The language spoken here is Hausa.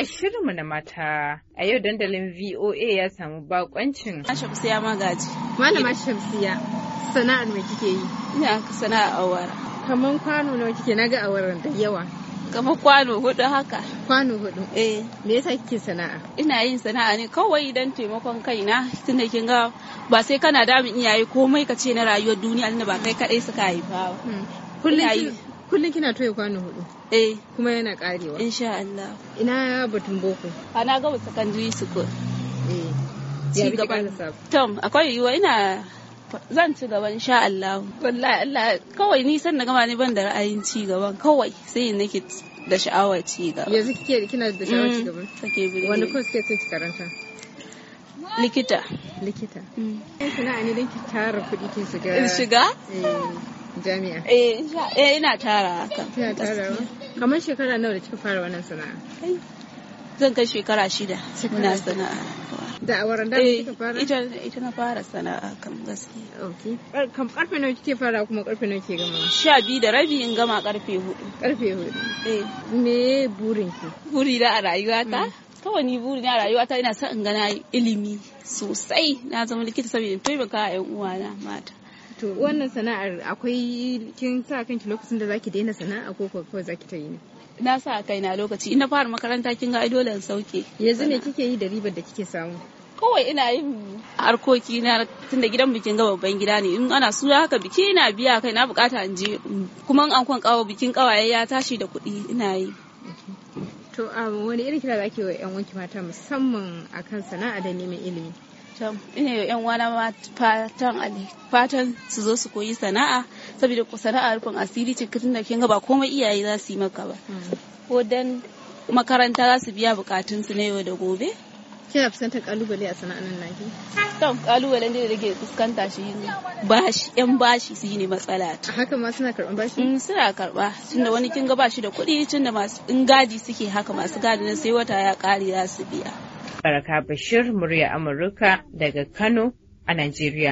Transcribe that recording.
A shirinmu na mata a yau dandalin VOA ya samu bakoncin. Shamsiya magaji. Malama Shamsiya sana'ar me kike yi? Ina sana'ar awara. Kamar kwano nawa kike naga awaran da yawa. Kamar kwano hudu haka. Kwano hudu? Eh. Me yasa kike sana'a? Ina yin sana'a ne kawai don taimakon kaina tunda kin ga ba sai kana damun iyaye komai ka ce na rayuwar duniya ba kai kadai suka haifa ba. Hmm. Kullum kina toye kwano hudu? eh kuma yana karewa insha Allah ina batun boko a na gama secondary school eh ci gaban tom akwai yiwuwa ina zan ci gaban sha Allah wallahi Allah kawai ni san na gama ne ban da ra'ayin ci gaban kawai sai nake da sha'awar ci gaba yanzu kike kina da sha'awar ci mm, gaba take bi wani kuma kike so ki karanta likita likita eh sana'a ne don ki tara kuɗi ki shiga shiga eh, jami'a eh, eh ina tara haka Ina tara kamar shekara nawa da kika fara wannan sana'a zan kai shekara shida muna sana'a da auren da kika fara eh, ita ita na fara sana'a kam gaskiya okay kam karfe nawa kike fara kuma karfe nawa kike gama sha biyu da rabi in gama karfe hudu karfe hudu eh me burin ki buri da a rayuwata mm. kawai ni buri na rayuwata ina son in ga na ilimi sosai na zama likita saboda taimaka a yan uwana mata to wannan sana'ar akwai kin sa kanki lokacin da zaki daina sana'a ko ko zaki ta yi ne na sa a kaina lokaci ina fara makaranta kin ga dole in sauke yanzu ne kike yi da ribar da kike samu kawai ina yin harkoki na tunda gidan bikin ga babban gida ne in ana suya haka biki ina biya kai na bukata in je kuma an kwan kawo bikin kawaye ya tashi da kuɗi ina yi to um, wani irin kira zaki wa yan wanki mata musamman akan sana'a da neman ilimi fatan ina yi yan wana fatan fatan su zo su koyi sana'a saboda ku sana'a rufin asiri cikin da kin ga ba komai iyaye za su yi maka ba hmm. ko dan makaranta za su biya bukatun su na yau da gobe kina fuskantar kalubale a sana'an naki kan ne da rage fuskanta shi ne bashi yan bashi su ne matsala ta haka ma suna karban bashi mm, suna karba tunda wani kin ga bashi da kuɗi tunda masu ingaji suke haka masu gadi na sai wata ya kare za su biya Baraka Bashir, murya Amurka daga Kano a Najeriya.